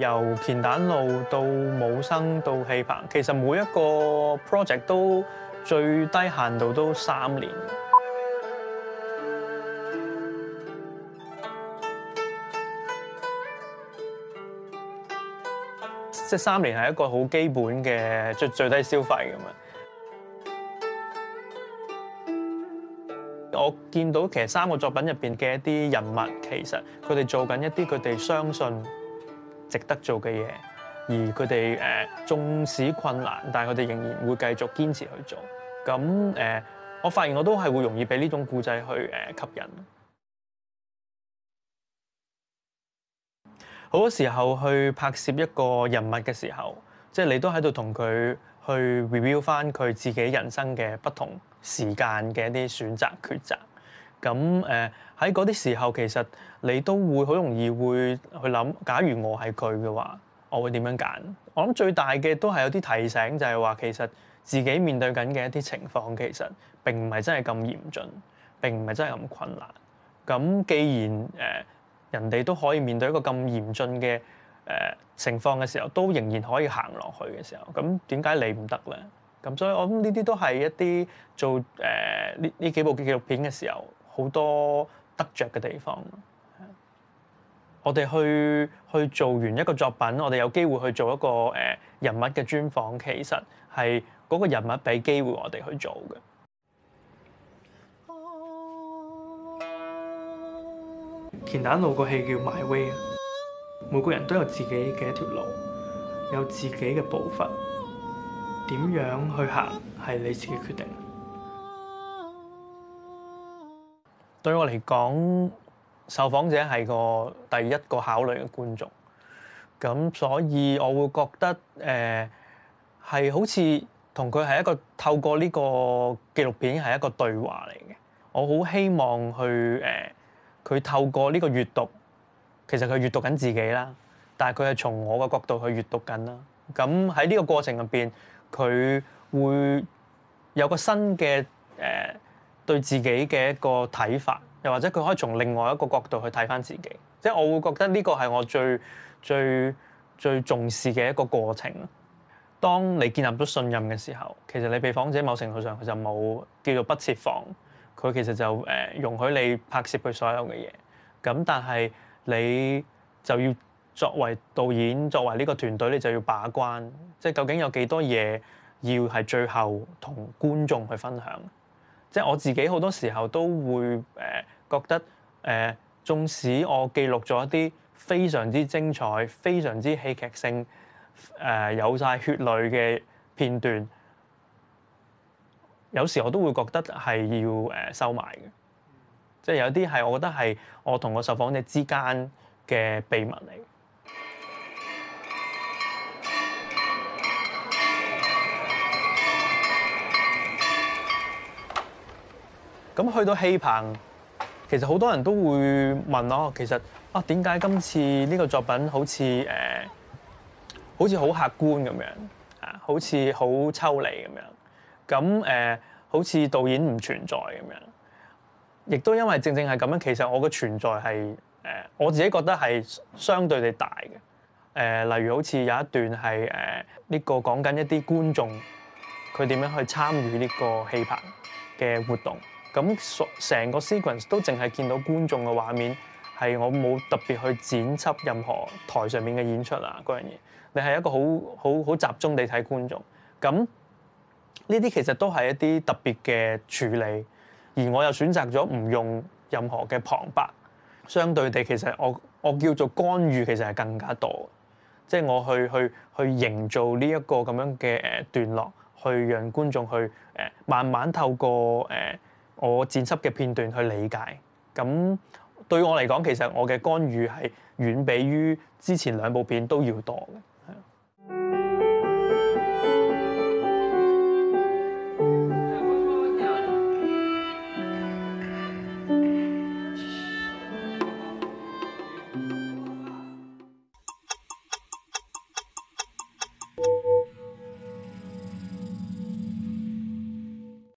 由乾旦路到武生到戲棚，其實每一個 project 都最低限度都三年。 即係三年係一個好基本嘅最最低消費咁樣！ 我見到其實三個作品入邊嘅一啲人物，其實佢哋做緊一啲佢哋相信值得做嘅嘢，而佢哋誒縱使困難，但係佢哋仍然會繼續堅持去做。咁誒、呃，我發現我都係會容易俾呢種故仔去誒、呃、吸引。 好多時候去拍攝一個人物嘅時候，即係你都喺度同佢去 reveal 翻佢自己人生嘅不同時間嘅一啲選擇抉擇。咁誒喺嗰啲時候，其實你都會好容易會去諗，假如我係佢嘅話，我會點樣揀？我諗最大嘅都係有啲提醒，就係話其實自己面對緊嘅一啲情況，其實並唔係真係咁嚴峻，並唔係真係咁困難。咁既然誒人哋都可以面對一個咁嚴峻嘅誒情況嘅時候，都仍然可以行落去嘅時候，咁點解你唔得咧？咁所以我諗呢啲都係一啲做誒呢呢幾部紀錄片嘅時候。好多得着嘅地方，我哋去去做完一個作品，我哋有機會去做一個誒、呃、人物嘅專訪。其實係嗰個人物俾機會我哋去做嘅。乾旦路個戲叫《My Way》，每個人都有自己嘅一條路，有自己嘅步伐，點樣去行係你自己決定。對我嚟講，受訪者係個第一個考慮嘅觀眾，咁所以我會覺得誒係、呃、好似同佢係一個透過呢個紀錄片係一個對話嚟嘅。我好希望去誒，佢、呃、透過呢個閱讀，其實佢閱讀緊自己啦，但係佢係從我嘅角度去閱讀緊啦。咁喺呢個過程入邊，佢會有個新嘅誒。呃對自己嘅一個睇法，又或者佢可以從另外一個角度去睇翻自己，即係我會覺得呢個係我最最最重視嘅一個過程。當你建立咗信任嘅時候，其實你被訪者某程度上佢就冇叫做不設防，佢其實就誒、呃、容許你拍攝佢所有嘅嘢。咁但係你就要作為導演，作為呢個團隊，你就要把關，即係究竟有幾多嘢要係最後同觀眾去分享。即係我自己好多時候都會誒覺得誒、呃，縱使我記錄咗一啲非常之精彩、非常之戲劇性誒、呃、有晒血淚嘅片段，有時我都會覺得係要誒收埋嘅。即係有啲係我覺得係我同個受訪者之間嘅秘密嚟。咁去到戲棚，其實好多人都會問我，其實啊，點解今次呢個作品好似誒、呃，好似好客觀咁樣啊，好似好抽離咁樣，咁、啊、誒好似導演唔存在咁樣，亦都因為正正係咁樣，其實我嘅存在係誒、呃，我自己覺得係相對地大嘅。誒、呃，例如好似有一段係誒，呢、呃這個講緊一啲觀眾佢點樣去參與呢個戲棚嘅活動。咁成個 sequence 都淨係見到觀眾嘅畫面，係我冇特別去剪輯任何台上面嘅演出啊嗰樣嘢。你係一個好好好集中地睇觀眾。咁呢啲其實都係一啲特別嘅處理，而我又選擇咗唔用任何嘅旁白。相對地，其實我我叫做干預，其實係更加多嘅，即係、就是、我去去去營造呢一個咁樣嘅誒、呃、段落，去讓觀眾去誒、呃、慢慢透過誒。呃我剪輯嘅片段去理解，咁對我嚟講，其實我嘅干預係遠比於之前兩部片都要多嘅。